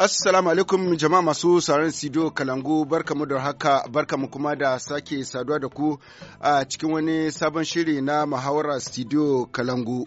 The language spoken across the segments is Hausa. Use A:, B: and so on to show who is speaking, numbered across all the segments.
A: Assalamu alaikum jama'a masu sauran Sido Kalangu barkamu da haka barkamu kuma da sake saduwa da ku a cikin wani sabon shiri na muhawara Sido Kalangu.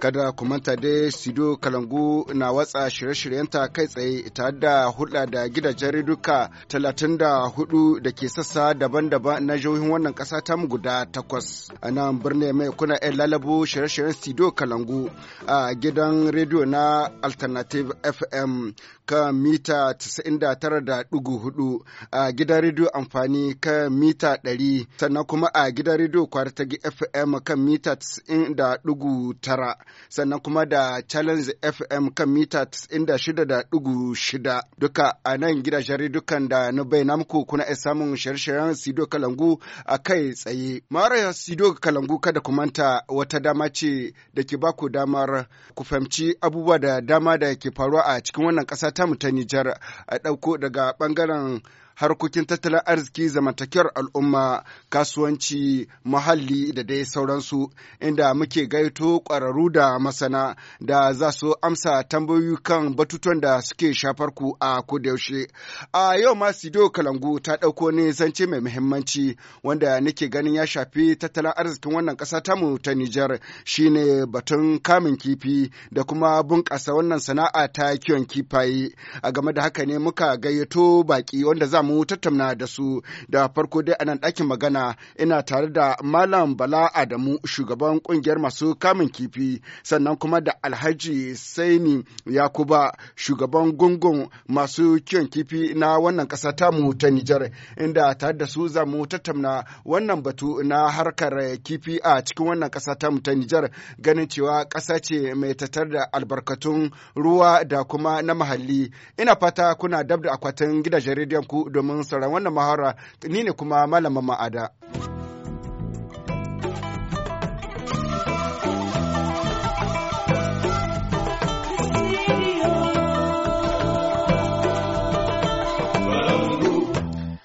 A: Kada ku manta dai Sido Kalangu na watsa shirye-shiryenta kai tsaye tare da hulɗa da gidajen riduka talatin da hudu da ke sassa daban-daban na jihohin wannan ƙasa ta mu guda takwas. A nan birni mai kuna ‘yan lalabo shirye-shiryen Sido Kalangu a gidan rediyo na Alternative FM kan mita 99.4 a gidan rediyo amfani kan mita 100 sannan kuma a gidan rediyo kwarta FM kan mita 99.9 sannan kuma da Challenge FM kan mita 96.6 duka a nan gidajen redukan da na bayyana muku kuna iya samun shirye-shiryen Sido Kalangu a kai tsaye. Mara Sido Kalangu kada ku manta wata dama ce da ke baku damar ku fahimci abubuwa da dama da ke faruwa a cikin wannan ƙasa mu ta Nijar a ɗauko daga ɓangaren harkokin tattalin arziki zamantakewar al'umma kasuwanci muhalli da dai sauransu inda muke gaito ƙwararru da masana da za su amsa tambayoyi kan batutuwan da suke shafar ku a kodayaushe a yau ma sido kalangu ta ɗauko ne zance mai muhimmanci wanda nake ganin ya shafi tattalin arzikin wannan ƙasa tamu ta nijar shine batun kamun kifi da kuma bunƙasa wannan sana'a ta kiwon kifaye a game da haka ne muka gayyato baƙi wanda za samu tattauna da su da farko dai a nan ɗakin magana ina tare da Malam Bala Adamu shugaban kungiyar masu kamun kifi sannan kuma da Alhaji Saini Yakuba shugaban gungun masu kiwon kifi na wannan ƙasa mu ta Nijar inda tare da su za mu tattauna wannan batu na harkar kifi a cikin wannan ƙasa mu ta Nijar ganin cewa ƙasa ce mai tattar da albarkatun ruwa da kuma na mahalli ina fata kuna dab da akwatin gidajen rediyon ku domin sauran wannan mahara ni ne kuma malama ma'ada.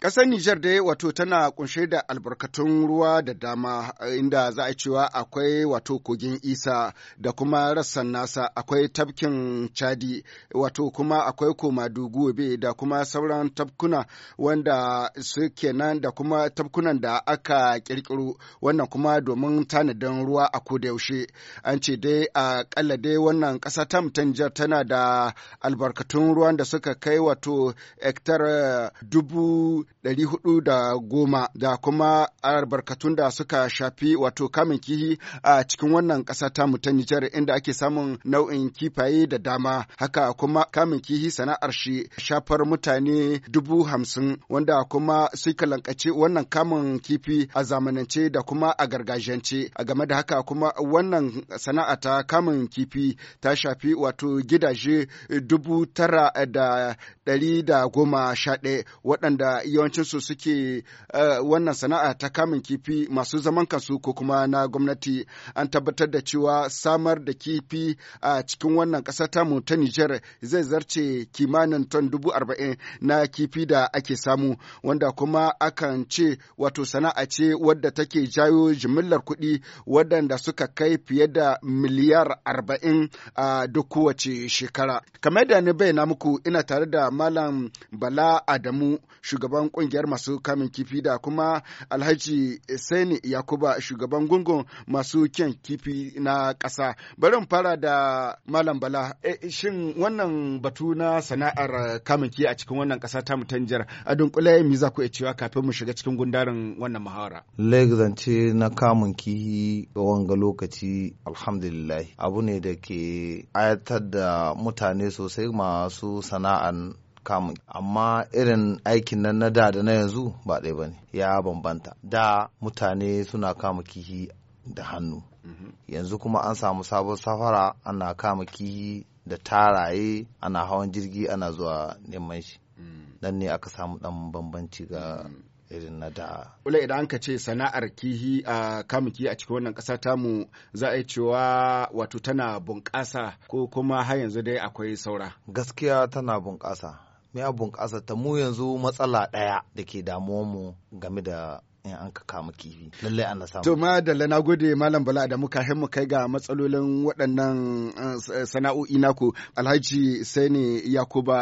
A: Ƙasar Nijar dai wato tana kunshe da albarkatun ruwa da dama eh, inda za a cewa akwai wato kogin Isa da kuma rassan nasa akwai tabkin Chadi wato kuma akwai komadu gobe da kuma sauran tabkuna wanda su nan da kuma tabkunan da aka kirkiro wannan kuma domin tanadin ruwa a yaushe an ce dai a kalla dai wannan ƙasa ta Nijar tana da albarkatun ruwan da suka kai wato hektar eh, dubu Dari hudu da goma da kuma albarkatun da suka shafi wato kamun kihi a cikin wannan ƙasa ta mu ta Nijar inda ake samun nau'in kifaye da dama haka kuma kamun kihi sana'ar shi shafar mutane dubu hamsin wanda kuma suka lankace wannan kamun kifi a zamanance da kuma a gargajiyance a game da haka kuma wannan sana'a ta kamun kifi ta shafi wato gidaje dubu tara da ɗari da goma sha ɗaya waɗanda yawanci yawancinsu suke eh, wannan sana'a ta kamun kifi masu zaman kansu ko kuma na gwamnati an tabbatar da cewa samar da kifi a cikin wannan ƙasa tamu ta Nijar zai zarce kimanin ton dubu arba'in na kifi da ake samu wanda kuma akan ce wato sana'a ce wadda take jayo jimillar kuɗi waɗanda suka kai fiye da miliyar arba'in a duk kowace shekara. Kamar da ni bayyana muku ina tare da Malam Bala Adamu shugaban kungiyar masu kamun kifi da kuma Alhaji Sani Yakuba shugaban gungun masu kyan kifi na ƙasa. Bari fara da Malam Bala, e, shin wannan batu na sana'ar kamun kifi a cikin wannan ƙasa ta mutanjar a dunkule mi za ku iya cewa kafin mu shiga cikin gundarin wannan muhawara.
B: Legzance na kamun kifi wanga lokaci alhamdulillah abu ne da ke ayatar da mutane sosai masu sana'an kamun amma irin aikin nan na da da na yanzu ba ɗaya bane ya bambanta da mutane suna kama kihi da hannu mhm. yanzu kuma an samu sabon safara ana kama kihi da taraye ana hawan jirgi ana zuwa neman shi mm. nan ne aka samu ɗan bambanci ga mm. irin na da.
A: Ula idan an ka ce sana'ar kihi a kamun kihi a cikin wannan ƙasa tamu
B: za a yi cewa wato tana bunƙasa ko kuma har yanzu dai akwai saura. Gaskiya tana bunƙasa mai a ta mu yanzu matsala ɗaya da ke mu game da in an ka kama kifi lallai ana samu. To
A: da lana gode malam Bala da muka hin mu kai ga matsalolin waɗannan eh, sana'o'i naku Alhaji sai ne Yakuba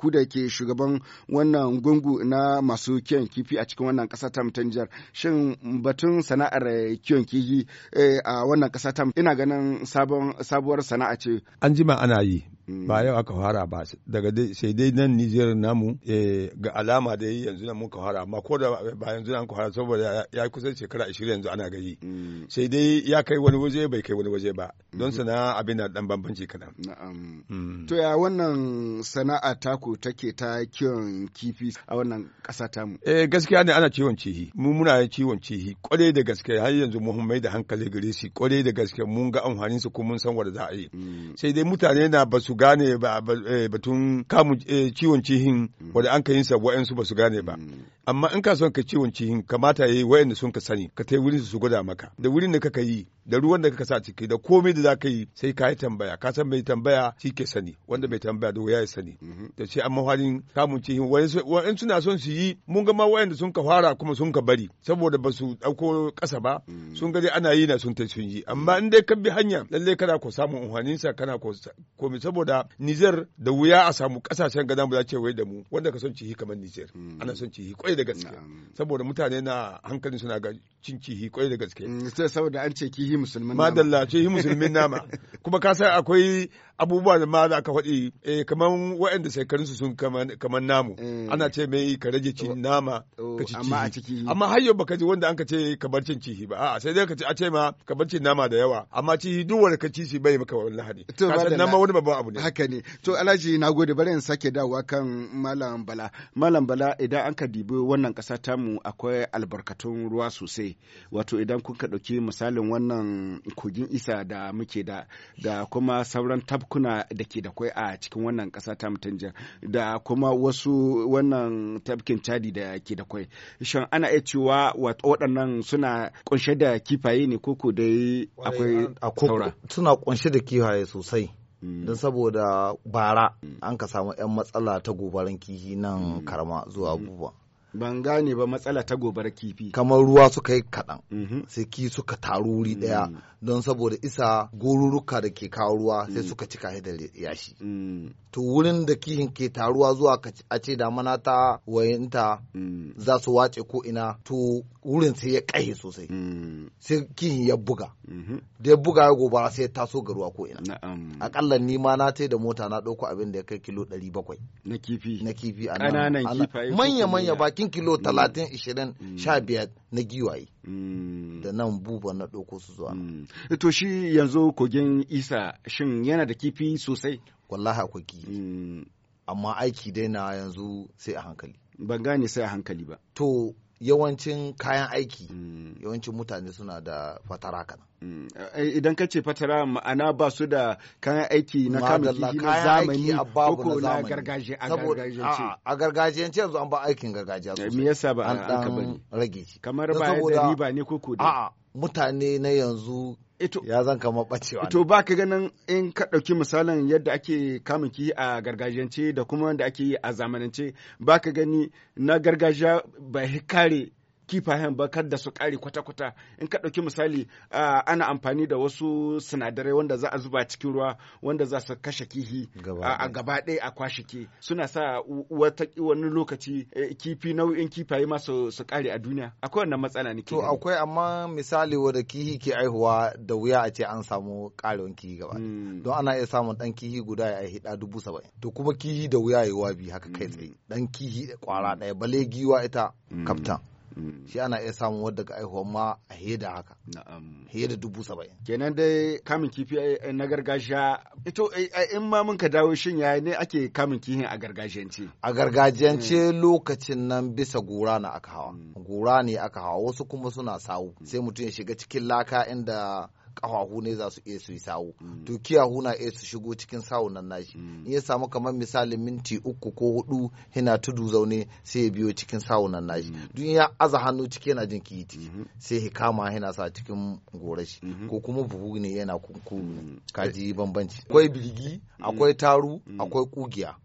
A: ku da ke shugaban wannan gungu na masu kiyon kifi a cikin wannan ƙasa ta Tanjar shin batun sana'ar kiyon kifi eh, a wannan ƙasa ta ina ganin sabuwar sana'a ce.
C: An jima ana yi Mm. ba yau aka fara ba daga sai dai nan Nijar namu eh, ga alama da yanzu nan muka fara amma ko da ba yanzu nan fara saboda ya kusan shekara 20 yanzu ana gayi mm. sai dai ya kai wani waje bai kai wani waje ba mm-hmm. don sana abin da dan bambanci kana na'am mm.
A: to ya wannan sana'a ta ku take ta kiwon kifi a wannan ta mu eh
C: gaskiya ne ana ciwon cihi mu muna ciwon cihi kware da gaske har yanzu mu mai da hankali gare shi kware da gaske mun ga amfanin su kuma mun san wanda za a yi sai dai mutane na basu gane eh, batun kamun eh, ciwon cihin mm. wadda an ka yin sa wa'ansu ba su gane ba mm. amma in ka son ka ciwon cihin kamata yi wa'yanda sun ka sani ka tai wurin su gwada maka da wurin da kaka yi da ruwan da ka sa ciki da komai da za ka yi sai ka yi tambaya ka san mai tambaya shi ke sani wanda mai tambaya da ya sani mm-hmm. da ce an mafarin samun cikin wani suna son su yi mun ga ma da sun ka fara kuma sun ka bari saboda ba su dauko kasa ba mm. sun ga dai ana yi na sun ta sun yi amma mm. in dai ka bi hanya lallai kana ko samun sa kana ko komai saboda Nijar da wuya a samu kasashen gada ba za ce wai da mu wanda ka son cihi kamar Nijar mm. ana son cihi kwai da gaske saboda mutane na hankali suna ga cin cihi kwai da gaske saboda an ce kihi musulmin nama madalla ce yi musulmin nama kuma ka san akwai abubuwa da ma da aka faɗi eh, kamar waɗanda shekarun su sun kamar namu eh. ana ce mai ka rage ci oh, nama ka oh, ci cihi amma har yau baka ji wanda an ka ce ka bar cin cihi ba a'a sai dai ka ce a ce ma ka cin nama da yawa amma cihi duk wanda ka ci shi bai maka wani lahani ka san nama wani
A: babban abu ne haka ne to alhaji nagode bari in sake dawowa kan malam bala malam bala idan an ka dibi wannan ƙasa tamu akwai albarkatun ruwa sosai wato idan kun ka ɗauki misalin wannan kogin isa da muke da da kuma sauran tabkuna da ke da kwai a cikin wannan kasa ta mutanjiyar da kuma wasu wannan tabkin cadi da ke da kwai shan ana iya cewa waɗannan suna kunshe da kifaye ne koko dai akwai
B: saura suna kunshe da kifaye sosai hmm. don saboda bara hmm. an ka samu 'yan matsala ta gobaran kihi nan hmm. karama zuwa abubuwa ban gane ba
A: matsala ta gobara kifi
B: kamar ruwa suka yi kaɗan mhm. sai ki suka taru wuri mm. ɗaya don saboda isa gururuka da ke kawo ruwa sai mm. suka cika da yashi mm. to wurin da kihin ke taruwa zuwa a ce damana ta wayanta mm. za su wace ko ina to wurin sai ya kahe sosai mm. sai kihin ya buga mm-hmm. da ya buga ya gobara sai ya taso ga ruwa ko ina akalla ni ma na ta da mota na ɗauko abin da ya kai kilo 700 na kifi na kifi a nan manya manya bakin kilo 30 20 15 na giwaye mm. da nan buba na ɗauko su zuwa. Mm. Eh, to shi yanzu kogin isa shin yana da kifi sosai? Wallahi akwai ki mm. Amma aiki dai na yanzu sai a hankali. Ban gane sai a hankali ba. To yawancin kayan aiki hmm. yawancin mutane suna da fatara kana hmm.
A: eh, idan ka ce fatara ma'ana ba su da kayan aiki na kamun na zamani ko na gargajiya
B: a gargajiyance yanzu an ba aikin gargajiya eh, sosai me yasa ba an ka bari rage shi kamar ba da riba ne ko ko da mutane na yanzu ya zan kama bacewa. To
A: ba ka ganin in ka ɗauki misalin yadda ake kamun a gargajiyance da kuma wanda ake yi a zamanance ba ka gani na gargajiya ba kare kifayen ba kar da su kare kwata-kwata in ka ɗauki misali ana amfani da wasu sinadarai wanda za a zuba cikin ruwa wanda za su kashe kihi a gaba ɗaya a kwashe ke suna sa wata wani lokaci e, kifi nau'in kifaye ma su kare a duniya akwai wannan matsala ne to akwai
B: amma misali wanda kihi ke aihuwa da wuya a ce an samu karewan kihi gaba hmm. don ana iya samun ɗan kihi guda ya aihi da dubu saba'in to kuma kihi da wuya ya yi wabi haka kai tsaye dan hmm. kihi kwara ɗaya bale giwa ita hmm. kaftan shi ana iya samun wadda ga aihuwa ma a hiye da haka hiye da dubu saba'in
A: kenan dai kamun kifi eh, eh, na gargajiya ito eh, in ma mun ka dawo shin ya ne ake kamun kifi a gargajiyance a gargajiyance
B: lokacin nan bisa gora na aka hawa mm. gora ne aka hawa wasu kuma suna sawu mm. sai mutum ya shiga cikin laka inda kafafu ne za su iya su yi sawu mm. to kiyahu na iya su shigo cikin sawun nan nashi mm. in ya samu kamar misali minti uku ko hudu yana tudu zaune sai ya biyo cikin sawun nan nashi mm. duk ya aza hannu ciki yana jin kiti mm-hmm. sai ya kama yana sa cikin gorashi mm-hmm. ko kuma buhu ne yana kunkuru kaji eh. bambanci akwai bilgi akwai taru akwai kugiya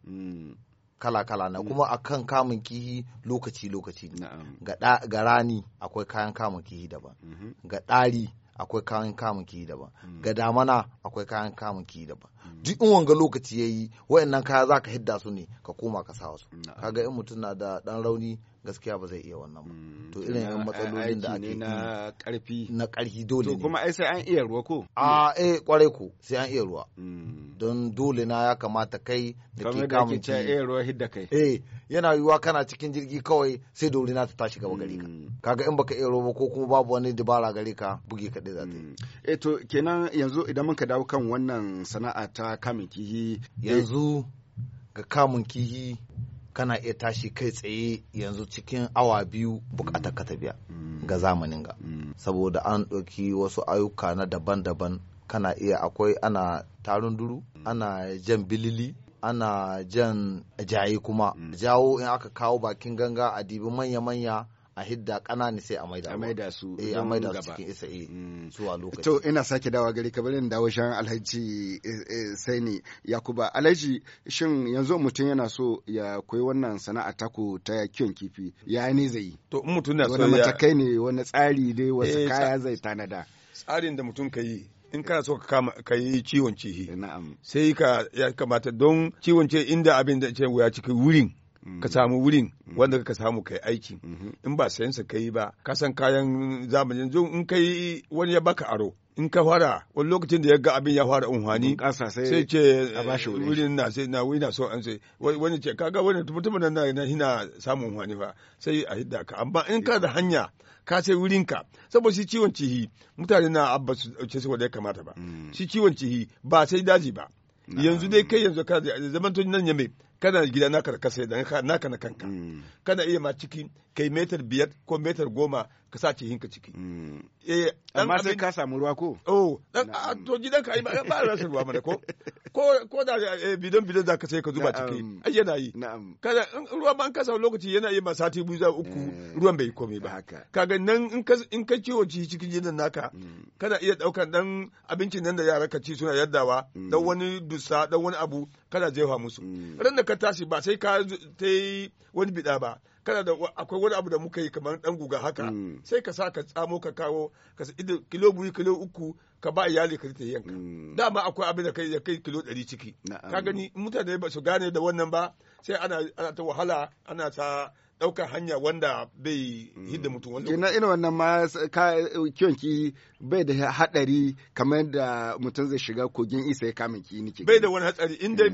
B: kala-kala na kuma a kan kamun kihi lokaci-lokaci ga rani akwai kayan kamun kihi daban mm-hmm. ga ɗari akwai kayan kamun kiyi daban hmm. ga damana akwai kayan kamun kiyi daban hmm. duk in wanga lokaci yayi wayannan kaya zaka hidda su ne ka koma ka sa su kaga in mutum na da dan rauni gaskiya ba zai iya wannan ba mm, to irin yan matsalolin da ake na
A: karfi na karfi dole ne to kuma ai sai an iya ruwa
B: ko a ah, eh kware ko sai an iya ruwa mm. don dole na ya kamata kai da ke kamun ci iya
A: eh, ruwa hidda kai
B: eh yana yiwuwa kana cikin jirgi kawai sai dole na ta tashi gaba gare ka mm. kaga in baka iya ruwa ko kuma babu wani dabara gare ka buge ka dai za ta yi eh to
A: kenan yanzu idan muka dawo kan wannan sana'a ta kamun kihi eh, yanzu
B: ga kamun kihi kana iya tashi kai tsaye yanzu cikin awa biyu bukatar ka ta biya mm. ga zamanin ga mm. saboda an ɗauki wasu ayyuka na daban-daban kana iya akwai ana tarun duru mm. ana jan bilili ana jan jaye kuma jawo in aka kawo bakin ganga a dibi manya-manya a hidda kanani sai a maida a maida su eh a maida su cikin isa eh mm. zuwa lokaci to ina sake
A: dawa gari ka bari dawo shan alhaji eh, eh, sai ni yakuba alhaji shin yanzu mutum yana so ya koyi wannan sana'a ta ku ta kiwon kifi ya ne zai to in mutum
C: na so ya. wani matakai
A: ne wani tsari dai wasu eh, kaya zai tanada
C: tsarin da mutum ka yi in kana so ka yi ciwon cihi sai ka ya kamata don ciwon ciki inda abin da ce wuya cikin wurin ka samu wurin mm-hmm. wanda ka samu kai aiki mm-hmm. in ba sayan sa kai ba ka san kayan zamanin zo in kai wani ya baka aro in ka fara wani lokacin da ya ga abin ya fara unhwani sai ce wurin na sai na wina so an sai wani ce kaga wani mutumin nan na hina samun unhwani ba sai a hidda ka amma in ka da hanya ka sai wurin ka saboda shi ciwon cihi mutane na abba su dauke su wanda ya kamata ba mm. shi ciwon cihi ba sai daji ba yanzu dai kai yanzu ka zaman tun nan ya mai kana gida naka da kasa da naka na kanka mm. kana iya ma ciki kai metar biyar ko metar goma ka sace hinka ciki mm. eh, amma sai ka samu ruwa ko oh dan ah, to gidan ka ba ba rasa ruwa mana ko ko da eh, bidon bidon ka sai ka zuba ciki ai yana yi kada ruwa ban kasa samu lokaci yana yi ma sati biyu za uku eh, ruwan bai komai ba kaga nan in ka in ka ciwo ci cikin gidan naka mm. kana iya daukan dan abincin nan da yara ka ci suna yaddawa dan mm. wani dusa dan wani abu kana jefa musu ran da ka tashi ba sai ka ta wani bida ba kana da akwai wani abu da muka yi kamar dan guga haka mm. sai ka sa ka tsamo ka kawo ka sa kilo biyu kilo uku ka ba iyali ka ta yanka mm. dama akwai abin da kai ya kai kilo ɗari ciki ka gani mutane ba su gane da wannan ba sai ana ana ta wahala ana ta ɗaukar hanya wanda bai
A: mm. hidda mutum wani lokaci. Ina wannan ma kiwon ki bai da haɗari kamar da mutum zai shiga kogin isa ya kama ki nike. Bai
C: da wani hatsari in dai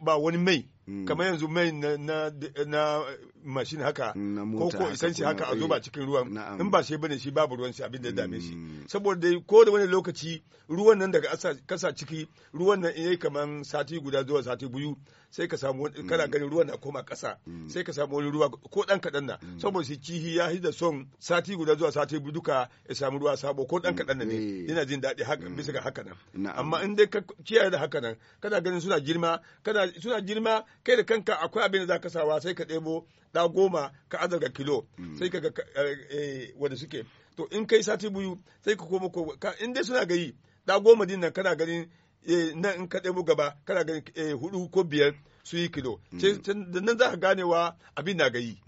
C: ba wani mai Mm. kamar yanzu mai na mashin haka ko ko isanci haka a zo ba eh, cikin ruwan in ba shi bane shi babu ruwan shi abin da ya dame shi mm. saboda dai ko da wani lokaci ruwan nan daga kasa ciki ruwan nan yayi kaman sati guda zuwa sati biyu sai ka samu kana mm. ganin ruwan na koma kasa sai ka samu wani ruwa ko dan kadan na saboda shi kihi ya hida son sati guda zuwa sati biyu duka ya samu ruwa sabo ko dan kadan ne yana eh. jin daɗi haka bisa ga haka nan amma in dai ka kiyaye da haka nan kana ganin suna girma kana suna girma kai da kanka akwai abin da zaka sawa sai ka ɗebo da goma ka azarga kilo mm. sai ka ga eh, eh, wanda suke to in kai sati biyu sai ka koma ka in dai suna gayi da goma din nan kana ganin eh, nan in ka ɗebo gaba kana ganin hudu ko biyar su yi kilo mm. da nan za ka ganewa abin na gayi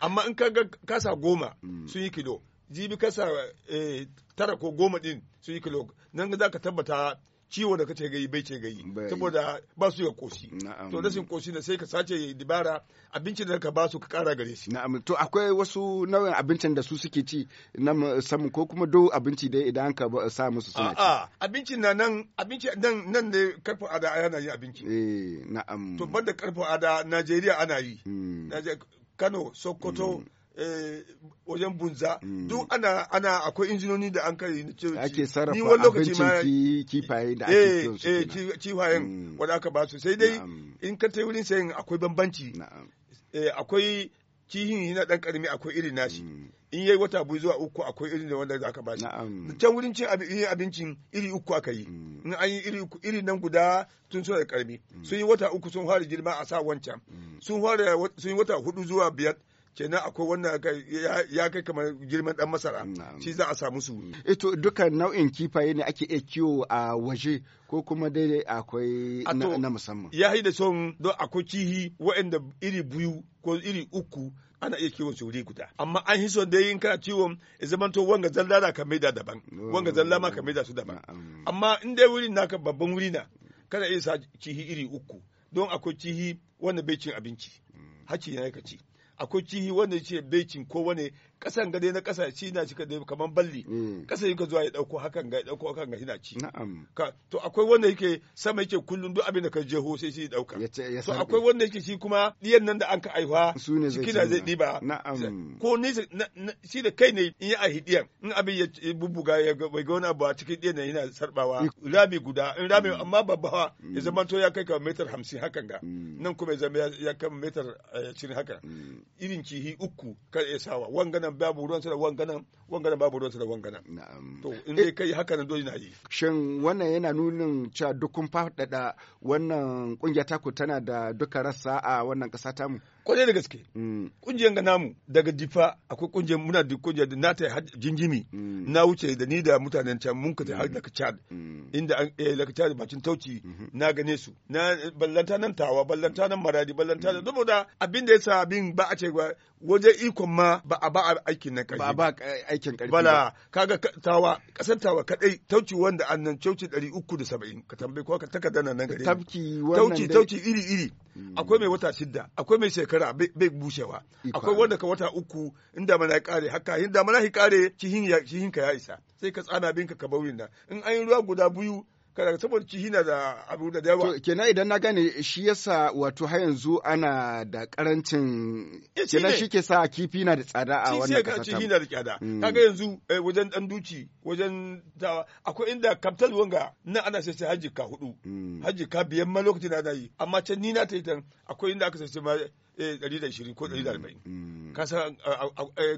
C: amma in ka ga kasa goma mm. su yi kilo jibi kasa tara ko goma din su yi kilo nan za ka tabbata ciwo da kace gayi bai ce gayi saboda ba su ya koshi
A: to rashin koshi ne sai ka sace dibara abincin da ka ba su ka kara gare shi na'am to akwai wasu nau'in abincin da su suke ci na musamman ko kuma do abinci dai idan ka sa musu suna ci a'a
C: abincin na nan abinci nan nan ne karfin ada ana yi abinci
A: eh na'am
C: to banda karfin ada Najeriya ana yi hmm. Kano Sokoto mm. Eh, wajen bunza hmm. duk ana ana akwai injinoni da an kai ce ake sarrafa abincin
A: kifaye da ake kiwon eh,
C: eh kifayen hmm. wanda aka ba su sai dai in ka tai wurin sayin akwai bambanci eh, akwai kihin yana dan karami akwai irin nashi hmm. in yayi wata bu zuwa uku akwai irin da wanda zaka ba shi can wurin cin abincin iri uku aka yi in an yi iri uku iri nan guda tun suna da karami sun yi wata uku sun fara girma a sa wancan sun fara sun yi wata hudu zuwa biyar kenan akwai wannan ya kai kamar girman dan masara shi za a samu su
A: ito eh dukkan nau'in kifaye ne ake iya kiwo a waje ko kuma dai akwai na musamman
C: ya da son don akwai kihi wa'anda iri biyu ko iri uku ana iya kiwon su wuri guda amma an hiso da yin kana ciwon ya zama to wanga zalla da ka maida daban oh. wanga zalla ma ka maida su daban amma in dai wurin naka babban wuri na kana iya sa kihi iri uku don akwai kihi wanda bai cin abinci hmm. hakki ne ka ci akwai kihi wanda ce becin ko wani kasan gade na kasa shi na cika kadai kamar balli mm. kasa yake zuwa ya dauko hakan ga ya dauko hakan ga yana ci na'am to akwai wanda yake sama yake kullun duk abin da ka jeho sai shi ya dauka to akwai wanda yake shi kuma diyan nan da an ka aiwa shi na zai diba na'am ko ni shi da kai ne in ya aihi diyan in abin ya bubbuga ya ga wani gona a cikin diyan yana sarbawa rami guda in rami mm. amma babbawa ya mm. zama to ya kai ka metar hamsin hakan ga nan kuma ya zama ya kai metar cikin eh, hakan irin kihi uku ka ya sawa wanga nan babu ruwan sa da wanganan wanganan babu ruwan sa da wanganan to in dai kai haka nan dole na yi
A: shin wannan yana nunin cewa duk kun faɗaɗa wannan kungiya ku tana da duka rassa a wannan ƙasa tamu kwarai da gaske mm. kungiyar ga namu daga difa
C: akwai kungiyar muna da kungiyar da nata har jinjimi. Mm. na wuce da ni da mutanen can mun ka har daga mm. chad inda an eh daga chad bacin tauci mm-hmm. na gane su na ballanta nan tawa ballanta nan maradi ballanta nan saboda abin da yasa abin ba a ce waje ikon ma ba a ba aikin na karfi ba ba eh, aikin karfi bala kaga tawa kasar tawa kadai tauci wanda annan tauci 370 ka tambaye ko ka takarda nan gare tauci tauci iri iri Mm. akwai mai wata shida akwai mai shekara bai bushewa akwai wanda ka wata uku in mana ya kare haka in mana ya kare kihin ka ya isa sai ka tsana binka ka bauyin in an yi ruwa guda biyu kada saboda ci hina da abu da yawa to
A: kenan idan na gane shi yasa wato har yanzu ana da karancin eh, kenan shi ke sa kifi na da tsada a wannan kasa ci hina
C: da tsada mm. kaga yanzu eh, wajen dan duci wajen dawa. akwai inda kaftal wanga nan ana sai sai hajji ka hudu mm. hajji ka biyan ma lokacin da yi amma can ni na ta yi tan akwai inda aka sai ma 120 eh, ko 140 kasa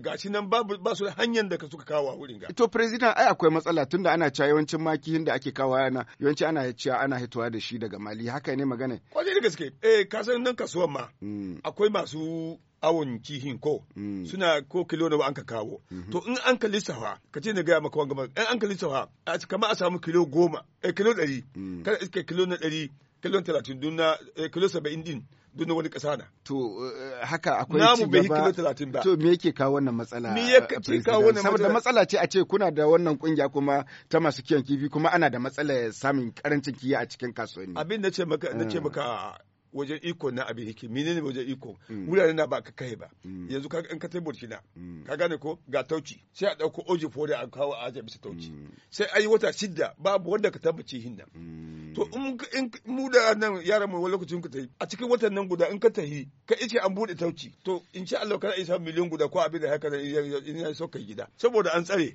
C: ga shi nan ba su hanyar da suka kawo a wurin ga
A: to president ai akwai matsala tunda ana cewa yawancin maki da ake kawo yana yawanci ana cewa ana hitowa da shi daga mali haka ne magana
C: kwaje da gaske eh kasan nan kasuwan ma mm. akwai masu awon kihin ko mm. suna ko kilo nawa an ka kawo mm-hmm. to in an ka lissafa ka ce na gaya maka wanga in an ka lissafa kamar a samu kilo goma eh kilo ɗari mm. kada iske kilo na ɗari kilon talatin dun na eh, kilo saba'in din dun wani kasa na. To eh, haka akwai ci gaba. Namu bai kilo talatin ba. To
A: me yake kawo wannan matsala? Me yake kawo wannan matsala? Saboda matsala ce a ce kuna da wannan kungiya kuma ta masu kiyon kifi kuma ana da matsalar samun karancin kiya a cikin kasuwanni.
C: Abin na ce maka na ce ah. maka wajen iko na abin yake menene wajen iko mm. wurare na ba ka kai ba mm. yanzu ka in ka tai burkina mm. ka gane ko ga tauci sai a dauko oji fore a kawo a aje bisa tauci sai ayi wata shidda babu wanda ka tabbace hinna to in mu da nan yaran mu lokacin ka tai a cikin watan nan guda in ka tahi ka ice an bude tauci to in sha Allah kana isa miliyan guda ko abin da haka in ya so kai gida saboda an tsare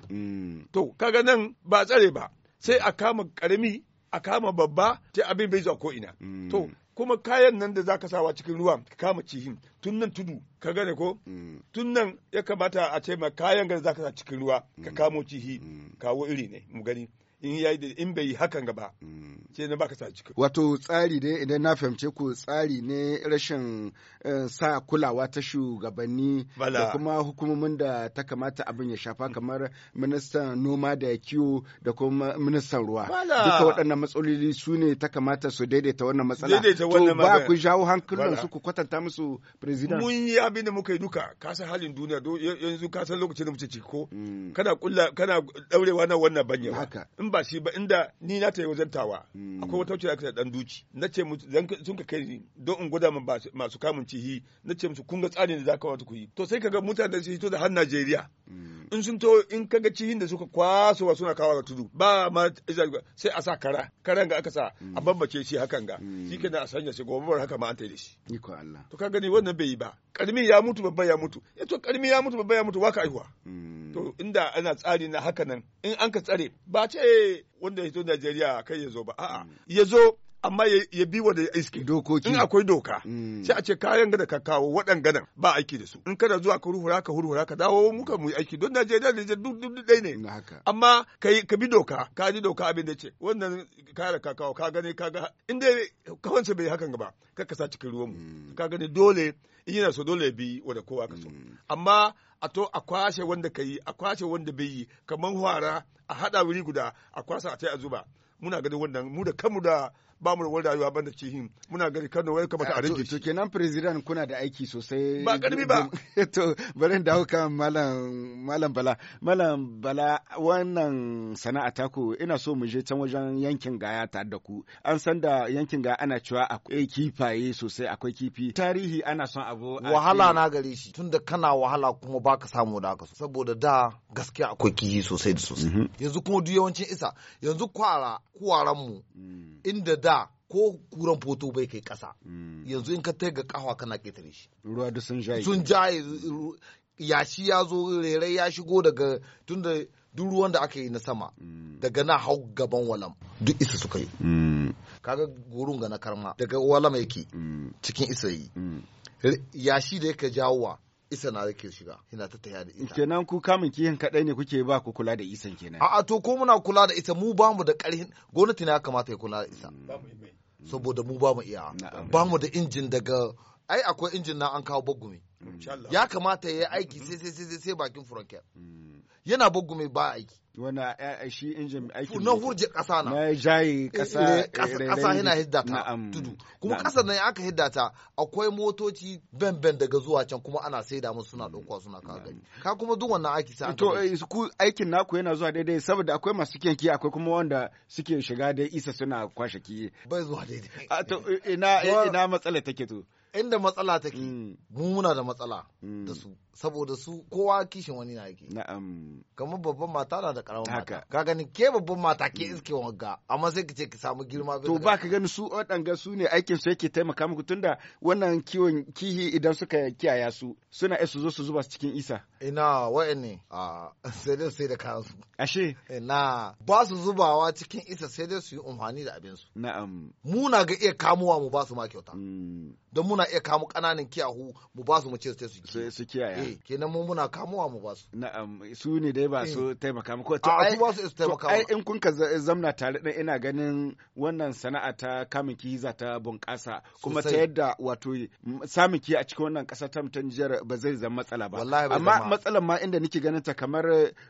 C: to kaga nan ba tsare ba sai a kama karami a kama babba sai abin bai zuwa ko ina to kuma kayan nan da za ka sawa cikin ruwa ka kama cihin tun nan tudu ka gane ko mm. tun nan ya kamata a ce ma kayan da ka sa cikin ruwa ka mm. kamo cihi mm. kawo iri ne mu gani in yayi da in bai yi hakan gaba ce mm. na baka sa ciki
A: wato tsari ne idan na fahimce ku tsari ne rashin eh, sa kulawa ta shugabanni da kuma hukumomin da ta kamata abin ya shafa kamar ministan noma da kiwo da kuma ministan ruwa duka waɗannan matsaloli su ne ta kamata su daidaita wannan matsala to ba ku jawo hankalin su ku kwatanta musu president mun yi
C: abin da muka yi duka kasa halin duniya yanzu kasan lokacin da muke ciki ko mm. kana kula kana daurewa na wannan banya haka in ba shi ba inda ni na ta yi wajen tawa hmm. akwai wata wacce aka dan duci na ce sun ka kai don in gwada masu kamun cihi na ce musu kun ga tsarin da za ka wata kuyi to sai ga mutane su hito da har Najeriya hmm. in sun to in ga cihin da suka wa suna kawo ga tudu ba ma sai a sa kara karan ga aka sa a hmm. bambace shi hakan ga shi kenan a sanya shi gobe haka ma an ta da shi ko Allah to ka gani wannan bai yi ba karmi ya mutu babban ya mutu eh to karmi ya mutu babban ya mutu waka aihuwa to inda ana tsari na haka nan in an ka tsare ba ce wanda ya hito Najeriya kai ya zo ba a'a mm. ya zo amma ya bi wanda ya iske dokoki in akwai doka mm. sai a ce kayan gada ka kawo waɗanda gadan ba aiki da su in kana zuwa ka ruhura ka hurhura ka dawo ka mu aiki don Najeriya da duk duk dai ne amma ka bi doka ka ji doka abin da ce wannan kayan ka kawo ka gane ka ga inda kawance bai hakan ba ka kasa cikin ruwanmu. Mm. ka gane dole in yana so dole ya bi wa kowa ka so amma a to a kwashe wanda ka yi a kwashe wanda bai yi kamar hwara a haɗa wuri guda a kwasa a tai a zuba muna ganin wannan mu da kanmu da ba mu da wani rayuwa da cihin muna gari Kano wai kamata a ah, rage
A: shi. To kenan president kuna da aiki sosai. Ba karbi ba. to bari da kan malam malam Bala. Malam Bala wannan sana'a ku ina so mu je can wajen yankin Gaya ya da ku. An san da yankin Gaya ana cewa akwai kifaye sosai
B: akwai kifi. Tarihi ana son
A: abu. Wahala na
B: gare shi tunda kana wahala kuma baka samu da haka saboda da gaskiya akwai kifi sosai da sosai. Mhm. Yanzu kuma duk yawancin isa yanzu kwara kuwaran mu mm. inda da ko kuran foto bai kai ƙasa mm. yanzu in ka tai ga kahwa kana ketare shi ruwa duk sun jaye sun jaye yashi ya zo rere ya shigo daga tunda duk ruwan da aka yi na sama mm. daga na hau gaban walam duk isa suka yi mm. kaga gurin ga na karma daga walam yake cikin isa yi yashi da yake jawowa isa na da ke shiga ina ta taya da ita kenan ku kamun kihin kadai ne kuke ba ku kula da isan kenan a'a to ko muna kula da ita mu bamu da karhin gwamnati na ya kamata ya kula da isa saboda mu ba mu iya ba mu da injin daga ai akwai injin na an kawo bugume ya kamata ya yi aiki sai sai sai sai bakin frontier hmm. yana bugume ba aiki wana eh, shi injin aiki na hurje kasa na na jaye kasa kasa yana hiddata tudu kuma kasar nan aka hiddata akwai motoci ben daga zuwa can kuma ana saida musu suna dauka hmm. suna kawo gari ka kuma duk wannan aiki sa. to eh,
A: ku aikin naku yana zuwa daidai saboda akwai masu kenki akwai kuma wanda
B: suke shiga dai isa suna kwashe ki bai zuwa daidai to eh, ina ina matsala take to inda matsala take mm. mu muna da matsala mm. da su saboda su kowa kishin wani na yake na'am kamar babban mata na da karamar mata ka gani ke babban mata ke mm. iske wanga amma sai ka ce ki samu girma to ba
A: ka gani su ga su ne aikin su yake taimaka muku tunda wannan kiwon kihi idan suka kiyaya su suna iya su zo su zuba su cikin isa
B: ina ne a sai dai sai da kansu ashe ina ba su zubawa cikin isa sai dai su yi umfani da abin su na'am na ga iya kamowa mu ba su ma kyauta mm. don muna iya kamo kananan kiyahu mu ba su mu ce su su kiyaye Eh, eh kenan mu muna kamowa mu basu na'am su ne dai ba su eh. taimaka mu ko to ai ba su taimaka ai
A: in kun ka zamna tare din ina ganin wannan sana'a ta kamun kihi za ta bunƙasa kuma ta yadda wato samun kihi a cikin wannan ƙasa ta mutan jiyar ba zai zama matsala ba amma matsalan ma inda nake ganin ta kamar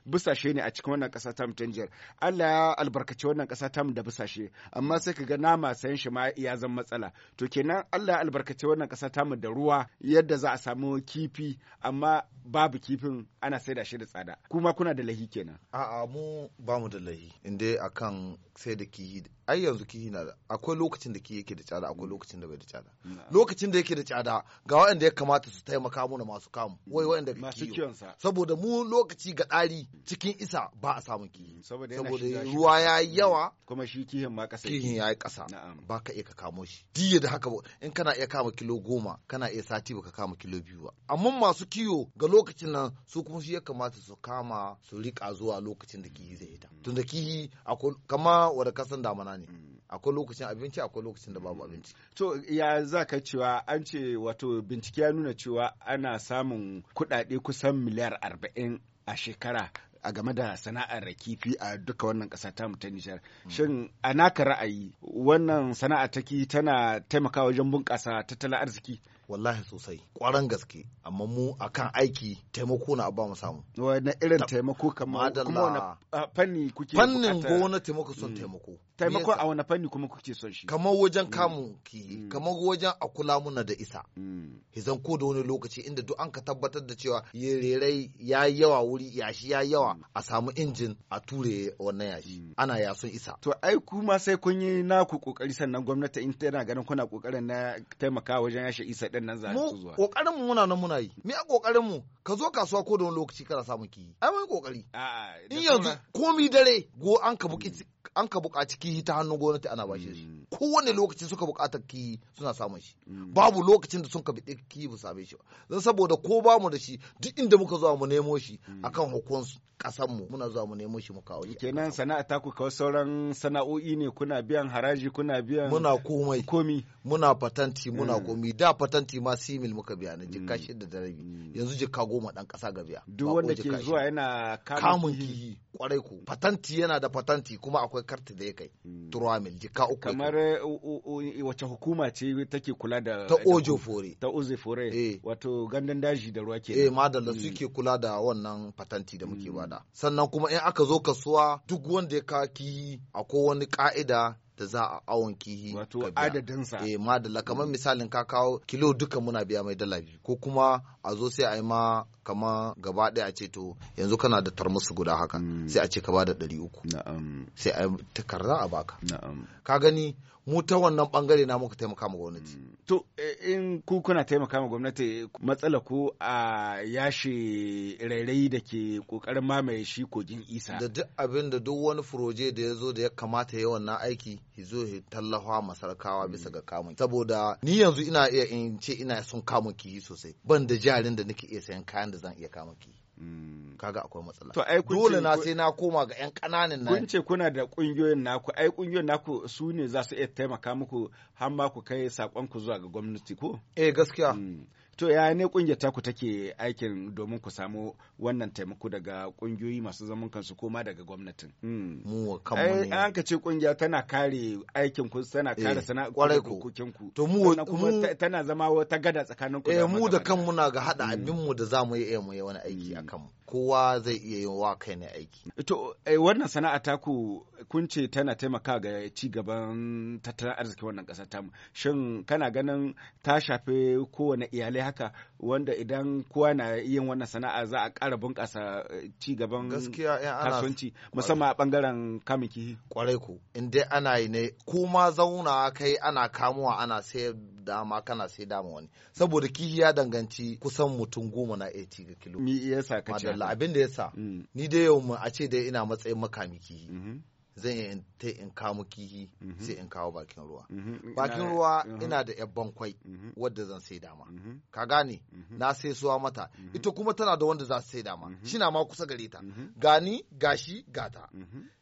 A: busashe ne a cikin wannan ƙasa ta mutan jiyar. Allah ya albarkaci wannan ƙasa ta mu da busashe amma sai ka ga nama sayan shi ma ya zama matsala to kenan Allah ya albarkaci wannan ƙasa ta mu da ruwa yadda za a samu kifi amma amma babu kifin ana saida shi da tsada
B: kuma kuna da lahi kenan a'a mu ba mu da lahi inda akan sai da kihi ai yanzu kihi na da akwai lokacin da kihi yake da tsada akwai lokacin da bai da tsada lokacin da yake da tsada ga waɗanda ya kamata su taimaka mana masu kamu wai waɗanda masu kiwon saboda mu lokaci ga ɗari cikin isa ba a samun kihi mm, saboda ruwa ya yi mm, yawa kuma shi kihin ma ƙasa kihin ya yi ƙasa ba ka iya ka kamo shi diya da haka in kana iya kama kilo goma kana iya sati ba ka kama kilo biyu ba amma masu kiwo ciwo ga lokacin nan su kuma shi ya kamata su kama su rika zuwa lokacin da kihi zai ita tun da kihi kama wadda kasan damana ne mm. akwai lokacin abinci akwai lokacin da babu mm. abinci
A: to ya za ka cewa an ce wato bincike ya nuna cewa ana samun kuɗaɗe kusan miliyar arba'in a shekara a game da sana'ar kifi a duka wannan ƙasa ta ta Nijar. Mm. Shin a naka ra'ayi wannan sana'a ta ki tana taimakawa wajen bunƙasa tattalin
B: arziki? wallahi sosai kwaran gaske amma mu akan aiki taimako na ba mu samu
A: wani irin taimako kamar kuma wani
B: fanni kuke fannin gona mm. taimako son taimako taimakon a wani fanni kuma kuke son shi kamar wajen mm. kamun ki mm. kamar wajen a kula muna da isa hizan mm. ko da wani lokaci inda duk an ka tabbatar da cewa rerai ya yawa wuri yashi ya yawa a samu injin a ture wannan yashi ana yason isa to ai kuma sai kun yi naku kokari sannan gwamnati in tana ganin kuna kokarin na taimaka wajen yashe isa din nan za su zuwa kokarin mu muna nan muna yi me a kokarin mu ka zo kasuwa ko da wani lokaci kana samu ki ai wani kokari in yanzu komi dare go an ka buki an ka buƙaci kihi ta hannun gwamnati ana bashe shi mm. kowane lokaci suka buƙata kihi suna samun shi mm. babu lokacin da sun ka biɗe kihi ba same shi ba don saboda ko ba mu da shi duk inda muka zuwa mu nemo shi mm. akan hukun kasan mu muna zuwa mu nemo shi mu kawo shi kenan sana'a ta ku kawo sauran
A: sana'o'i ne kuna biyan haraji kuna biyan muna
B: komai komi muna patanti muna komi da patanti ma simil muka biya na jikka shida da rabi yanzu jikka goma dan ƙasa ga biya duk wanda ke zuwa yana kamun kihi kwarai ku patanti yana da patanti kuma akwai karta da ya kai hmm. turuwa mil jika uku kamar
A: wace hukuma ce take kula da ta ojo
B: fore ta ojo fore eh. wato gandan daji da ruwa ke eh madalla hmm. suke kula da wannan patanti da muke hmm. bada sannan kuma in aka zo kasuwa duk wanda ya kaki akwai wani ka'ida da za a awon kihi wato adadinsa eh madalla kamar mm. misalin ka kawo kilo duka muna biya mai dala biyu ko kuma a zo sai a yi ma kama gaba ɗaya a ce to yanzu kana da tarmusu guda haka mm. sai a ce ka bada ɗari uku sai a yi takarda a baka ka gani mu ta wannan bangare na muka taimaka ma gwamnati. Mm. To eh,
A: in ku kuna taimaka ma gwamnati matsala ku a yashe rairayi da ke kokarin mamaye shi kogin isa. Da
B: duk abin da duk wani furoje da ya zo da ya kamata ya wannan aiki ya zo ya tallafa masarkawa bisa ga mm. kamun. Saboda ni yanzu ina iya in ce ina son kamun kihi sosai ban da jarin da nake iya sayan kayan da zan iya kamun kihi. Mm, kaga akwai matsala to ai dole na sai na koma ga yan kananan nan kun ce kuna da kungiyoyin naku
A: ai kungiyoyin naku su ne za su iya taimaka muku har ma ku kai sakon ku zuwa ga gwamnati ko eh gaskiya mm. to ya ne kungiyar taku take aikin domin ku samu wannan taimako daga kungiyoyi masu zaman kansu koma daga gwamnatin
B: hmm. mu kamar ne an ka ce kungiya tana kare aikin ku tana eh, kare sana'a ku
A: to mu tana
B: zama wata gada tsakanin ku eh mu da kanmu na ga hada hmm. abin mu da zamu yi eh, mu yi wani aiki akan hmm. mu kowa zai iya yin wa kai ne aiki.
A: To eh, wannan sana'a ta ku kun ce tana taimaka ga ci gaban tattalin arziki wannan ƙasar tamu. Shin kana ganin ta shafi kowane iyalai haka wanda idan kowa na yin wannan sana'a za a ƙara
B: bunƙasa eh, ci gaban eh, kasuwanci musamman a ɓangaren kamun kihi. Kwarai ku in dai ana yi ne kuma zauna kai ana kamuwa ana sayar dama kana sai dama wani saboda kihi ya danganci kusan mutum goma na 80 kilo. Me yasa ka ce Allah abin da ya sa mm. ni da yau mu a ce dai ina matsayin makami kihi mm-hmm. zan yi ta in kamo kihi mm-hmm. sai in kawo bakin ruwa mm-hmm. bakin ruwa uh-huh. ina da yar bankwai wadda zan sai dama ka gane na sai suwa mata ita kuma tana da wanda za su sai dama shi na ma kusa gare ta gani gashi gata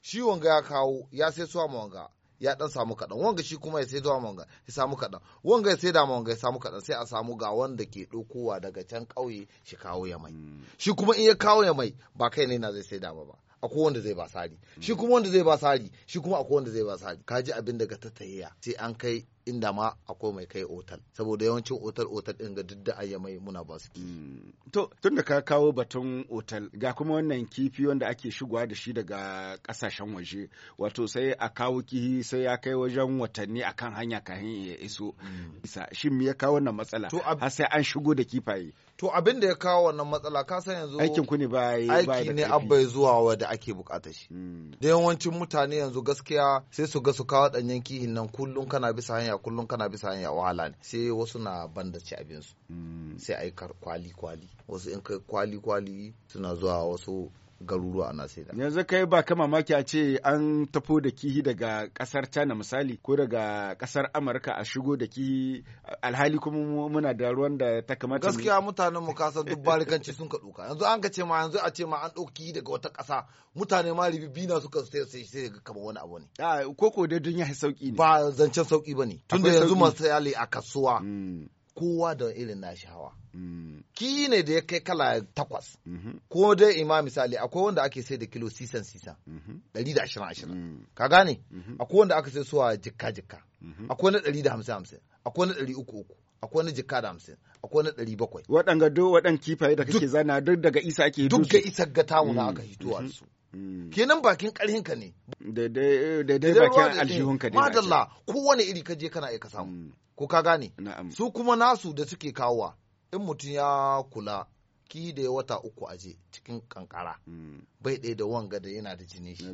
B: shi wanga ya kawo ya sai suwa ma wanga ya dan samu kaɗan wanga shi kuma ya sai zuwa wanga ya samu kaɗan wanga ya sai da wanga ya samu kaɗan sai a samu ga wanda ke dokowa daga can ƙauye shi kawo ya mai mm. shi kuma in ya kawo ya mai ba kai ne na zai sai da ba akwai wanda zai ba sari hmm. shi kuma wanda zai ba sari shi kuma akwai wanda zai ba sari ka ji abin daga tattahiya sai an kai inda ma akwai mai kai otal saboda yawancin otal otal din ga duk da ayyamai muna ba su hmm. to tun da ka kawo batun otal
A: ga kuma wannan kifi wanda ake shigowa da shi daga kasashen waje wato sai a kawo kihi sai ya kai wajen watanni akan hanya kahin ya iso hmm. shin me ya kawo
B: wannan matsala har sai an shigo da kifaye to abin da ya kawo wannan matsala ka san yanzu aikin ku ne ba aiki ne abbai zuwa wanda ake bukata shi hmm. da yawancin mutane yanzu gaskiya sai su ga su kawo danyen kihin nan kullun kana bisa hanya kullun kana bisa hanya wahala ne sai wasu na ci abin su hmm. sai ai kwali kwali wasu in kai kwali kwali suna zuwa wasu garuruwa ana saida
A: yanzu kai ba ka mamaki a ce an tafo da kihi daga kasar China misali ko daga kasar Amurka a shigo da kihi alhali kuma muna da ruwan da ta kamata gaskiya
B: mutanen mu kasan duk barikanci sun ka duka yanzu an ka ce ma yanzu a ce ma an dauki daga wata kasa mutane ma ribibi na suka sai sai sai kamar wani abu ne a ah, koko dai dun ya sauki ne ba zancen sauki bane tunda yanzu masu yale a kasuwa hmm. kowa da irin nashi hawa mm. ki ne da ya kai kala takwas mm-hmm. ko dai ima misali akwai wanda ake sai da kilo sisan sisan mm-hmm. ɗari da ashirin ashirin mm. ka gane mm-hmm. akwai wanda aka sai suwa jikka jikka akwai na ɗari da hamsin hamsin akwai na ɗari uku uku akwai na jikka da hamsin akwai na ɗari bakwai waɗanga do waɗan kifaye da kake zana duk daga isa ake duk ga isa ga tamu na mm. aka hitowa su Hmm. kenan bakin karhin ka ne daidai bakin aljihun ka madalla kowane iri kaje kana aika samu hmm. ko ka gane su kuma nasu da suke kawowa in mutum ya kula ki da ya wata uku aje cikin kankara hmm. bai ɗaya da wanga da yana da jini shi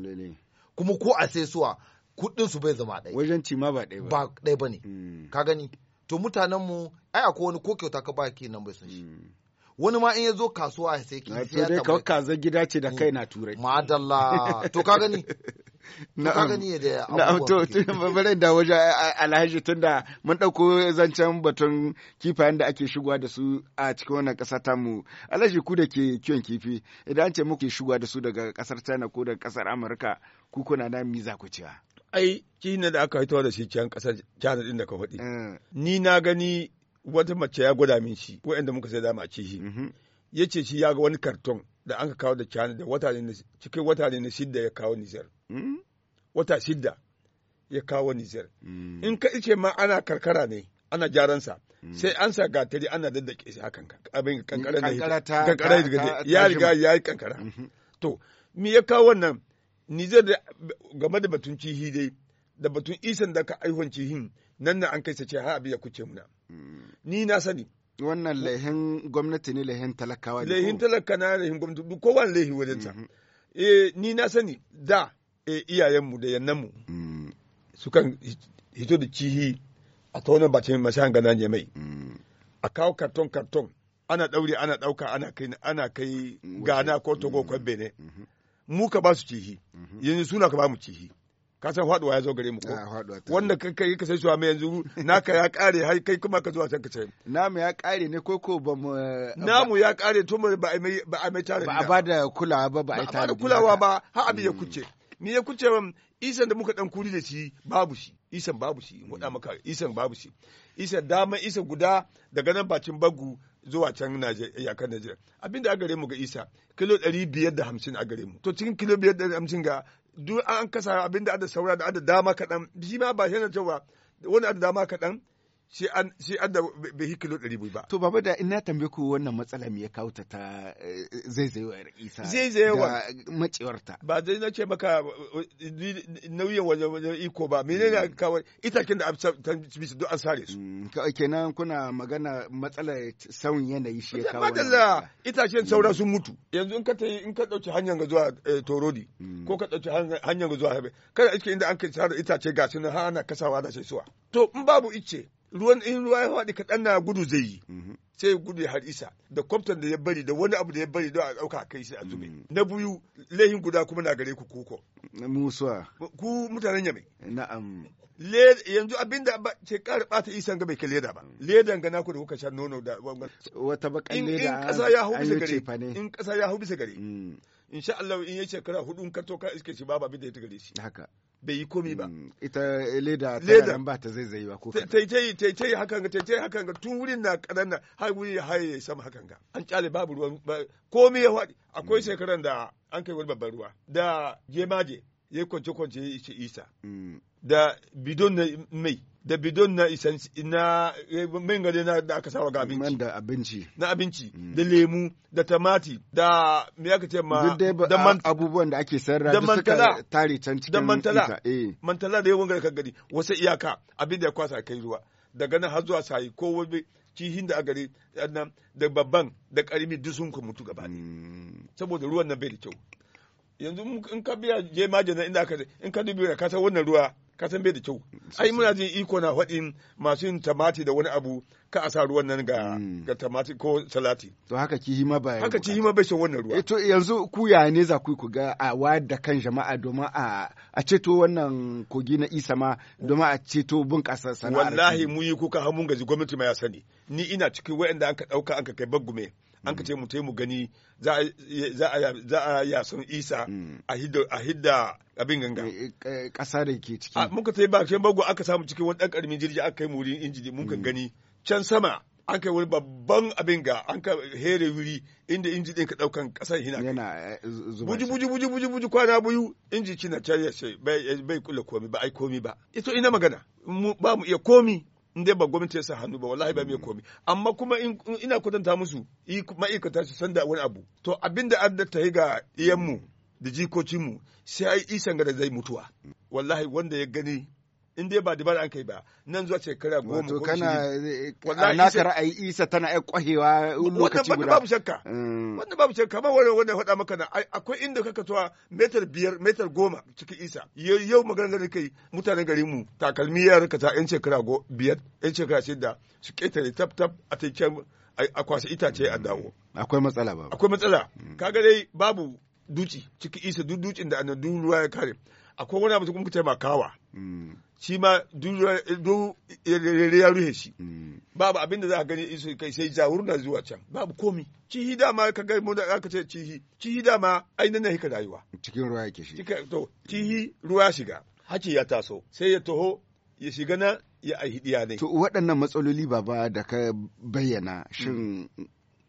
B: kuma ko a sai suwa kuɗin su bai zama ɗaya wajen ci ma ba ɗaya ba ɗaya bane ka gani to mutanen mu ai akwai wani ko kyauta ka baki nan bai san shi wani ma in ya zo kasuwa ya sai kifi sai dai kawai
A: kaza gida ce da mm. kai na turai madalla to ka gani
B: ka gani da abubuwa
A: to bare da waje alhaji tunda mun dauko zancen batun kifayen da ake shigowa da su a cikin wannan kasa ta mu alhaji ku da ke kiyon kifi idan an ce muke shigowa da su daga kasar China ko daga kasar Amurka ku kuna na miza ku cewa
C: ai kina da aka haitowa da shi kiyan kasar China din da ka faɗi eh. ni na gani wata mace ya gwada min shi ko inda muka sai dama a ci shi mm-hmm. ya ce shi ya ga wani karton da an ka kawo da cani da wata ne cikin wata ne na shidda ya kawo Nijar mm-hmm. wata shidda ya kawo Nijar mm. in ka ice ma ana karkara ne ana jaransa mm. sai an sa gatari ana daddake shi hakan abin kankara ne kankara ta ya riga ya yi kankara mm-hmm. to me ya kawo wannan da game da batun cihi dai da batun isan da ka aihon cihin nan na an kai sace ha abi ya kuce muna ni na sani wannan laihin gwamnati ne laihin talakawa ne laihin talaka na laihin gwamnati duk kowane laihi wajen ta mm-hmm. eh ni na sani da eh iyayenmu da yannanmu mm. sukan hito da cihi a tauna bacin masu gana ne mai mm. a kawo karton karton ana ɗaure ana ɗauka ana kai ana kai gana ko togo ko mm-hmm. bene mm-hmm. mu ka ba su cihi yanzu suna ka ba mu cihi Kasan faduwa ya zo gare mu ko ah, wanda kai kai ka sai shuwa mai yanzu naka ya kare har kai kuma ka a can ka ce
A: namu ya kare ne koko ba mu eh, namu
C: ya kare to ba a mai ba a mai tare ba a bada
A: kulawa ba ba a ba kulawa
C: ba har abin ya mm. kuce ni ya kuce isan da muka dan kuri da shi babu shi isan babu shi in faɗa mm. maka isan babu shi isan dama isa guda daga nan bacin bagu zuwa can iyakar Najeriya abinda a gare mu ga isa kilo 550 a gare mu to cikin kilo 550 ga duk an kasa abin da ada saura da ada dama kaɗan shi ma ba shi na cewa wani ada dama kaɗan shi an an da bai
A: kilo ɗari ba to baba da ina tambaye ku wannan matsala me ya kawo ta ta eh, zaizayewar isa zaizayewar macewar ta
C: ba zai na ce maka nauyin wajen wajen
A: iko ba menene ne mm. kawai itakin da ta bisa don an sare su mm, kenan kuna magana matsala sauyin yanayi shi ya kawo madalla
C: itacen mm. saura sun mutu yanzu in ka ta in ka ɗauki hanyar ga zuwa eh, torodi ko ka ɗauki hanyar ga zuwa habe kada cikin inda an kai sare itace ga su nan har ana kasawa da sai suwa to in babu ice ruwan in ruwa ya faɗi kaɗan na gudu zai yi mhm. sai gudu ya harisa da kwamfutan da ya bari da wani abu da ya bari don a ɗauka kai sai a zube mhm. na biyu lehin guda kuma na gare ku kuko
A: musuwa
C: ku mutanen yame na'am yanzu abinda ba ke ƙara ɓata isan ga bai kai leda ba mm. ledan ga naku da kuka sha nono da wata bakan leda in ƙasa ya hau bisa gare in ƙasa ya hau bisa gare mm. insha Allah in yace kara hudun in ka iske shi babu abin da ya tagare shi haka bai yi komi ba mm,
A: ita eh, leda ta ba ta zai ba ko
C: taitai taitai hakan ga taitai hakan ga tun wurin na kadan na har wuri haye sama hakan ga an kyale babu ruwan komi ya haɗi. akwai mm. shekaran da an kai wani babban ruwa da gemaje ya kwance kwance ya isa mm. da bidon na mai da bidon na isansi na eh, man gade na da aka sawa ga abinci man da abinci na abinci mm. da lemu da tamati da me aka ce ma da man
A: abubuwan da ake sarrafa da mantala tare can cikin da mantala
C: eh. mantala da yawan ga gari wasu iyaka abin da ya kwasa kai zuwa. daga nan har zuwa sayi ko wani kihin da a gari da babban da karimi duk sun mutu gaba ne mm. saboda ruwan na bai da kyau yanzu in ka biya je majina inda aka in ka dubi ka san wannan ruwa ka san bai da kyau ai muna jin iko na faɗin masu yin tamati da wani abu ka a sa ruwan nan ga mm. ga tamati ko salati
A: to haka ki ma ba haka ki ma bai shan wannan ruwa eh, to yanzu ku ya ne za ku ku ga a wayar da kan jama'a domin a a ceto wannan kogi na isa ma domin a ceto bunƙasa sana'ar wallahi mun
C: yi kuka har mun gaji gwamnati ma ya sani ni ina cikin waɗanda an dauka ɗauka an kai baggume an ka ce mu mu gani za a yasan isa mm. a hidda abin ganga eh, eh, eh, ƙasa da ke ciki mun ka sai ba can bago aka samu cikin wani ɗan ƙaramin jirgi aka kai wurin injini mun ka mm. gani can sama an kai wani babban abin ga an ka here wuri inda injini ka ɗaukan ƙasar hina yana buji buji buji buji buji kwana buyu inji kina can ya ce bai kula komi ba ai komi ba ito ina magana ba mu iya komi in dai ba gwamnati ya sa hannu ba wallahi ba mai mm. komi amma kuma ina kwatanta musu ma'aikata su san da wani abu to abin da an da ta yi ga iyanmu da jikocinmu sai ai isan gada zai mutuwa mm. wallahi wanda ya gani in dai ba dibara an kai ba nan zuwa shekara goma ko kana
A: na kara ra'ayi isa tana ai kwahewa lokaci guda babu shakka mm. wannan
C: babu shakka ba wannan wannan faɗa maka na akwai inda kaka tuwa metar biyar metar goma ciki isa yau magana da kai mutanen garin mu takalmi ya rika ta yan shekara biyar yan shekara shida su ketare tab tab a taikin a kwasa itace a dawo
A: mm. akwai matsala ba
C: akwai matsala mm. kaga dai babu duci ciki isa duk ducin da annan ruwa ya kare akwai wani abu da kuma taimakawa shi ma ya ruhe shi mm. babu abin da za a gani isu kai sai jawur na zuwa can babu komi cihi dama ka ga mu da aka ce cihi cihi dama ainihin ne hika rayuwa
A: cikin ruwa yake
C: shi to cihi ruwa shiga haki ya taso sai ya taho ya shiga na
A: ya aihidiya ne to waɗannan matsaloli baba da ka bayyana shin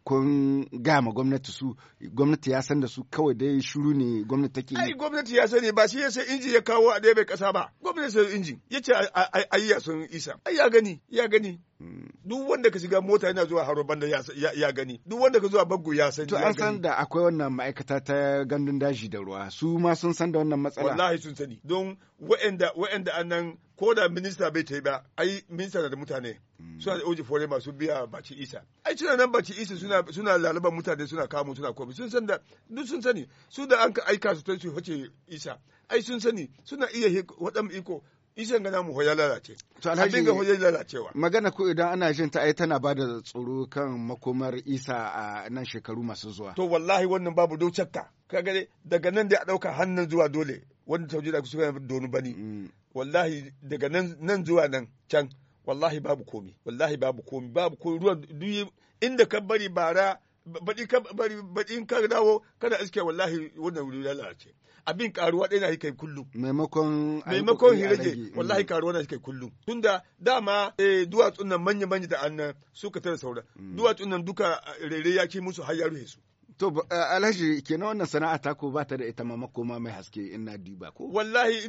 A: kun gama gwamnati su gwamnati ya san da su kawai dai shuru ne gwamnati take yi. Ai
C: gwamnati ya sani ba shi ya sai inji ya kawo a bai kasa ba. Gwamnati sai inji ya ce a ya sun isa. Ai ya gani ya gani. Hmm. Duk wanda ka shiga mota yana zuwa haro banda ya gani. Duk wanda ka zuwa baggo ya sani. To an san
A: da akwai wannan ma'aikata ta gandun daji da ruwa su ma sun san da wannan matsala. Wallahi
C: sun sani don wa'anda wa'anda nan. ko da minista bai tai ba ai minista da mutane mm. suna da oji fore masu biya baci isa ai suna nan baci isa suna suna lalaban mutane suna kamun suna komai sun san da duk sun sani su da an ka aika su tai su hoce isa ai sun sani suna iya wadan iko isan gana mu hoya lalace
A: to alhaji ga hoya lalacewa magana ko idan ana jin ta ai tana bada tsoro kan makomar isa a nan shekaru masu zuwa to wallahi
C: wannan babu docarta kaga daga nan dai a dauka hannun zuwa dole wanda tauji da suka donu bani mm. wallahi daga nan zuwa nan can wallahi babu komi wallahi babu komi babu komi ruwan duyi inda ka bari bara baɗi ka bari baɗin ka dawo kada iske wallahi wannan wuri lalace abin karuwa ɗaya na kai kullum
A: maimakon
C: maimakon hirage wallahi karuwa mm. na kai kullum tunda dama eh duwatsun nan manya manya da annan suka tare saura mm. duwatsun nan duka eh, rere ya ce musu har ya ruhe
A: su To alhaji kenan wannan sana'a ta ko ba ta da ita ma makoma mai haske in na diba ko. Wallahi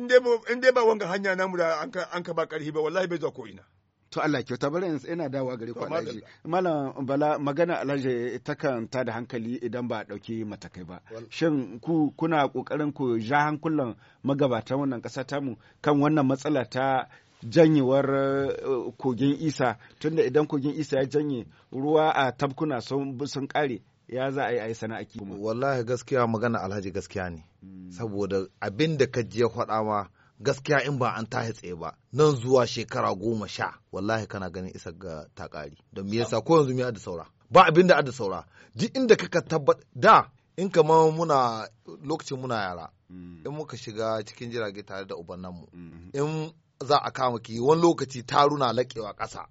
A: in dai ba wanga hanya
C: namu da an ka ba karhi ba wallahi bai zuwa ko ina.
A: To Allah ta bari ina dawowa gare ku Alhaji. Malam Bala magana Alhaji ta kan ta da hankali idan ba a ɗauki matakai ba. Shin ku kuna ƙoƙarin ku ja hankulan magabatan wannan ƙasa tamu kan wannan matsala ta janyewar eh, kogin isa tunda idan kogin isa ya janye
B: ruwa a tabkuna sun kare ya za a yi a yi sana'a kuma wallahi gaskiya magana alhaji gaskiya ne hmm. saboda abin da ka je faɗa ma gaskiya in ba an tahi tsaye ba nan zuwa shekara goma sha wallahi kana ganin isa ga takari don me yasa ko yanzu me da saura ba abin da da saura duk inda kaka tabbat da in kama muna lokacin muna yara hmm. in muka shiga cikin jirage tare da ubannanmu hmm. in za a kama ki wani lokaci taruna laƙewa ƙasa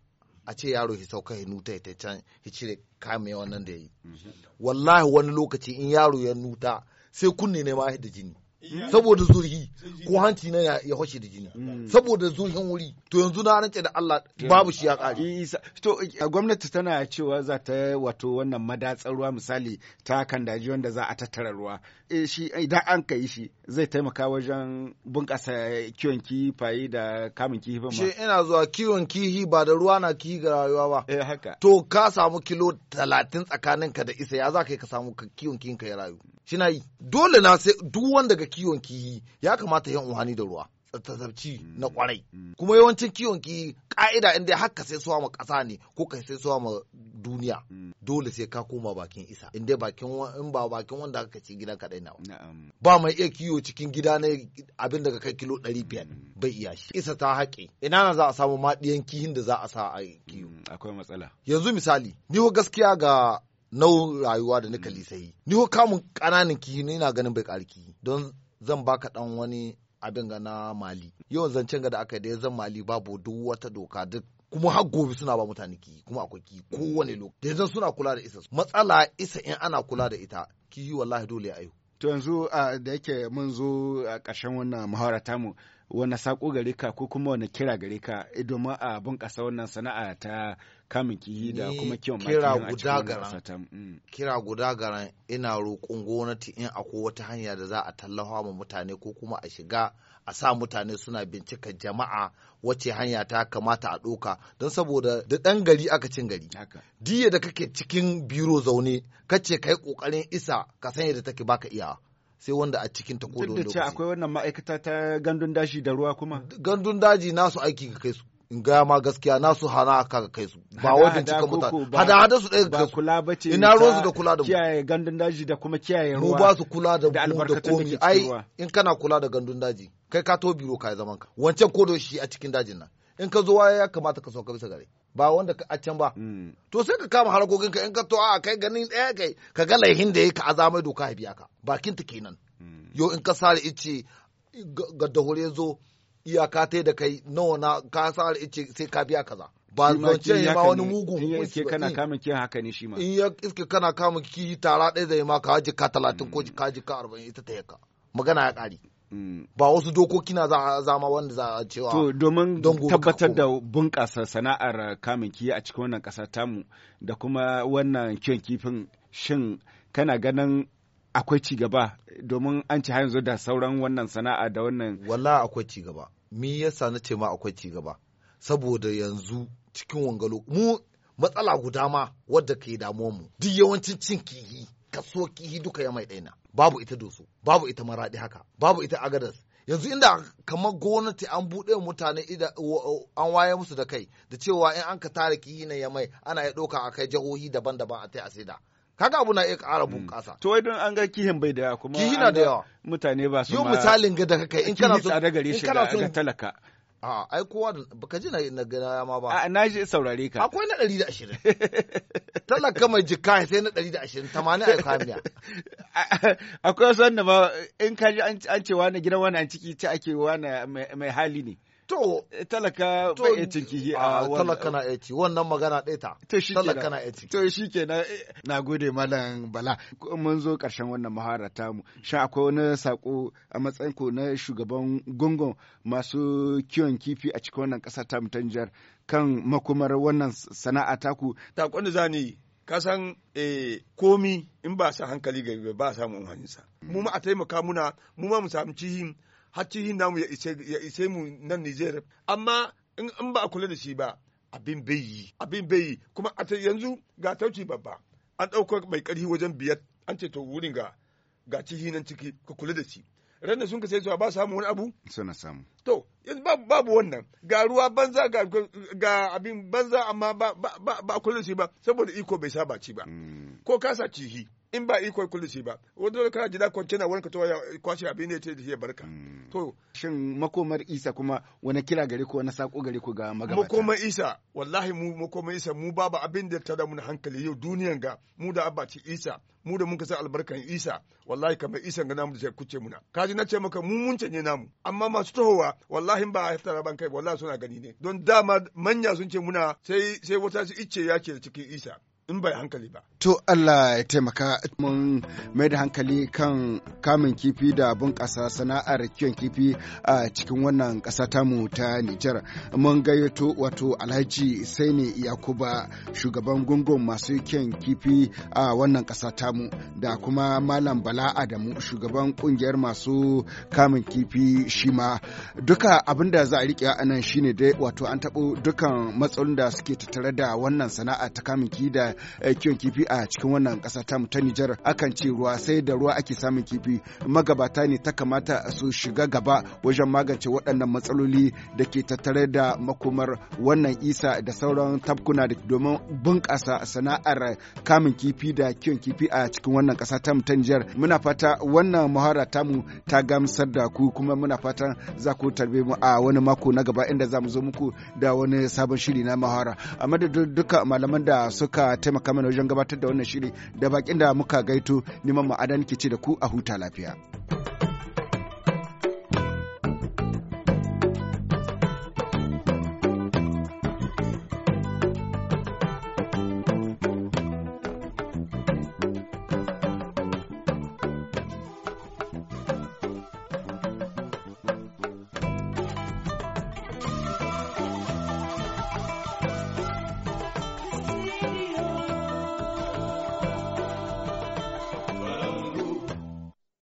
B: a ce yaro ya sauka ya nuta ya can ya cire kame wannan da ya yi mm-hmm. wallahi wani lokaci in yaro ya nuta sai kunne ne ma da jini
A: mm-hmm. saboda zurhi
B: ko hanci na ya hoshe da jini mm-hmm. saboda zurhin wuri to yanzu na rance da Allah babu shi ya kare to gwamnati
A: tana cewa za ta wato wannan madatsar ruwa misali ta kan daji wanda za a tattara ruwa Eh, shi idan an ka yi shi zai taimaka wajen bunƙasa kiwon kifaye da kamun kifi ba Shi
B: ina zuwa kiwon kihi ba da ruwa na kihi ga rayuwa ba. Eh haka. To ka samu kilo talatin tsakanin ka da isa ya za ka yi ka samu kiwon kihin ka ya rayu. Shi na yi. Dole na sai duk wanda ga kiwon kihi ya kamata yan uhani da ruwa. tsatsabci mm. na kwarai mm. kuma yawancin kiwon ki ka'ida inda haka sai suwa ma ƙasa ne ko ka sai suwa ma duniya mm. dole sai ka koma bakin isa inda bakin in ba bakin wanda aka ci gidan kaɗai na ba mai iya kiwo cikin gida na abin da ka kai kilo ɗari bai iya shi isa ta haƙe ina na za a samu maɗiyan kihin da za a sa a kiwo akwai matsala yanzu misali ni ho gaskiya ga nau'in rayuwa da nika yi ni ho kamun ƙananan kihi ina ganin bai ƙarki don zan baka ɗan wani abin ga na mali yawan zancen ga da aka da zan mali babu duk wata doka duk kuma har gobe suna ba mutane ki kuma akwai ki kowane lokaci da zan suna kula da isa matsala isa in ana kula da ita yi wallahi dole ya
A: to yanzu da yake mun zo a ƙarshen wannan muhawara tamu wani sako gare ka ko kuma wani kira gare ka domin a bunƙasa wannan sana'a ta kamun kihi da kuma kiwon kira guda garan mm.
B: kira guda garan ina roƙon gwamnati in akwai wata hanya da za a tallafa ma mutane ko kuma a shiga a sa mutane suna bincika jama'a wace hanya ta kamata a ɗoka don saboda da ɗan gari aka cin gari diya da kake cikin biro zaune kace kai ƙoƙarin isa ka sanya da take baka iya sai wanda a cikin ta kodon lokaci. Duk da akwai wannan ma'aikata ta gandun daji da ruwa kuma. Gandun daji nasu aiki ka kai su. in gaya ma gaskiya na su hana aka kai su ba wajen cika mutane hada hada su
A: ɗaya ba kula ba ce ina ruwan su da kula da mu
B: kiyaye gandun daji da kuma kiyaye ruwa mu ba su kula da mu da komi ai in kana kula da gandun daji kai ka to biro ka zaman ka wancan ko shi a cikin dajin nan in ka zo waya ya kamata ka sauka bisa gare ba wanda ka a can ba mm. to sai ka kama harkokin ka in ka to a kai ganin ɗaya kai ka ga laihin da yake ka azamai doka ya biya ka bakin ta kenan mm. yau in ka sare ice ga dahure zo iyaka ta da kai nawa na ka sa ice sai ka biya kaza ba zance ya ma wani mugu ke ba kana eh. kama
A: ki haka ne shi ma
B: in ya iske kana kama ki tara ɗaya zai ma ka ka talatin ko mm. ka haji ka arba'in ita ta yaka magana ya ƙari mm. ba wasu dokoki na za zama wanda za a cewa to
A: domin tabbatar da bunƙasa sana'ar kamun kiyi a cikin wannan ƙasa tamu da kuma wannan kiwon kifin shin kana ganin akwai ci gaba
B: domin an ci har yanzu da sauran wannan sana'a da wannan wala akwai ci gaba mi yasa na ce ma akwai ci gaba saboda yanzu cikin wangalo mu matsala guda ma wadda ke damuwar mu duk yawancin cin kihi kaso kihi duka ya mai ɗaina. babu ita doso babu ita maraɗi haka babu ita agadas yanzu inda kamar gwamnati an buɗe mutane an waye musu da kai da cewa in an ka tara kihi na ya mai ana ya ɗauka a kai jihohi daban-daban a tai a saida kaga abu na iya ƙara mm. bunƙasa to don an ga kihin bai da yawa kuma kihi na da yawa
A: mutane ba su ma yau misalin
B: ga daga kai in kana so in kana ga talaka a ai kowa baka ji na gana ma ba a na ji saurare ka akwai na ɗari da ashirin. talaka mai jikka sai na ɗari da ashirin, 80 ai kamiya
A: akwai wasu wanda ba in ka ji an ce wani gidan wani an ciki ce ake wani mai hali ne
B: to eh, talaka bai iya cinki a wannan talaka na aiki, wannan magana ɗaya ta to shi talaka na aiki.
A: to shi ke eh, na gode malam bala mun zo ƙarshen wannan mahara ta mu shin akwai wani sako a matsayin ko na shugaban gungun masu kiwon kifi a cikin wannan ƙasa ta mu ta Nijar kan makomar wannan sana'a taku ta
C: za zani kasan eh, komi in ba sa hankali ga ba samun hannunsa. mu ma a taimaka muna mu ma mu samu cihin hakkihin namu ya ishe mu nan Nijar amma in ba a kula da shi ba abin bai yi abin bai yi kuma a yanzu ga tauci babba an ɗauko mai ƙarfi wajen biyar an ce to wurin ga ga cihi nan ciki ka kula da shi ran sun ka sai su ba samu wani abu suna samu to yanzu babu wannan ga ruwa banza ga abin banza amma ba ba kula da shi ba saboda iko bai saba ci ba mm. ko kasa cihi in ba iko kula shi ba wanda ka ji da kwance na wani ka to ya kwashe abin ne ta ya barka mm.
A: to shin makomar isa kuma wani kira gare ko wani sako gare ko ga magabata makomar
C: isa wallahi mu makomar isa mu babu abin da ta da mun hankali yau duniyan ga mu da abaci isa mu da mun san albarkan isa wallahi kamar isa ga namu da sai kuce muna kaji na ce maka mu mun canje namu amma masu tohowa wallahi ba a tara ban kai wallahi suna gani ne don dama manya sun ce muna sai sai wata su icce ya cikin isa in bai hankali ba
A: To Allah ya taimaka mun mai da hankali kan kamun kifi da bunƙasa sana'ar kiwon kifi a cikin wannan ƙasa tamu ta Nijar. Mun gayyato wato Alhaji Saini Yakuba shugaban gungun masu kiwon kifi a wannan ƙasa tamu da kuma Malam Bala Adamu shugaban ƙungiyar masu kamun kifi shi ma. Duka abin da za a riƙe a nan shine dai wato an taɓo dukan matsalolin da suke tattare da wannan sana'a ta kamun kifi da eh, kiwon kifi a cikin wannan ƙasa ta ta Nijar akan ce ruwa sai da ruwa ake samun kifi magabata ne ta kamata su shiga gaba wajen magance waɗannan matsaloli da ke tattare da makomar wannan isa da sauran tabkuna. da domin bunƙasa sana'ar kamun kifi da kiwon kifi a cikin wannan ƙasa ta ta Nijar muna fata wannan muhara tamu ta gamsar da ku kuma muna fatan za ku tarbe mu a wani mako na gaba inda za mu zo muku da wani sabon shiri na muhara a madadin duka malaman da suka taimaka mana wajen gabatar gabatar da wannan shiri da bakin da muka gaito neman ma'adan ke ce da ku a huta lafiya.